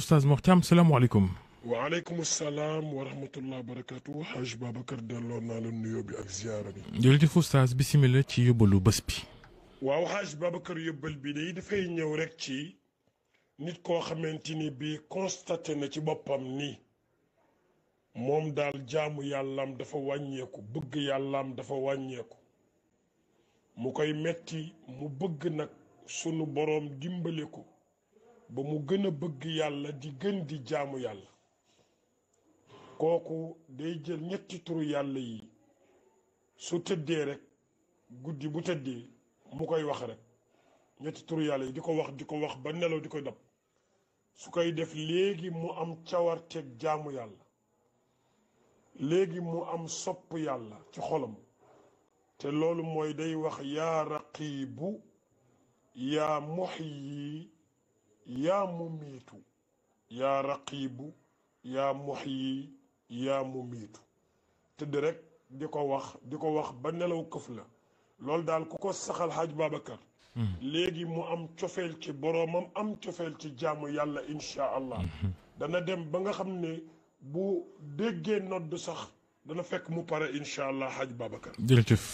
استاذ محتم السلام عليكم وعليكم السلام ورحمة الله وبركاته حاج بكر دلونا للنيو بأك زيارة يلدي فوستاز بسم الله تي يبلو بس بي واو حاج بكر يبل بني دفعي نيو ركتي نيت كو خمنتيني بي كونستاتينا تي بابام ني موم دال جامو يالام دفع وانيكو بغ يالام دفع وانيكو مكاي متي مبغ نك سنو بروم ديمبليكو ba mu gën bëgg yàlla di gën di jaamu yàlla kooku day jël ñetti turu yàlla yi su tëddee rekk guddi bu tëddee mu koy wax rek ñetti turu yàlla yi di ko wax di ko wax ba nelaw di koy dab su koy def léegi mu am cawarteeg jaamu yàlla léegi mu am sopp yàlla ci xolam te loolu mooy day wax yaa raqiibu yaa muxyi يا مميت يا رقيب يا محيي يا مميت تد رك ديكو واخ ديكو واخ با نلاو كفلا لول دال كوكو سخال حاج بابكر لغي مو ام تيوفل تي بروم ام تيوفل تي جامو يالا ان شاء الله دا نا باغا خامني بو ديغي نود صاح دا فك مو بارا ان شاء الله حاج بابكر ديلتف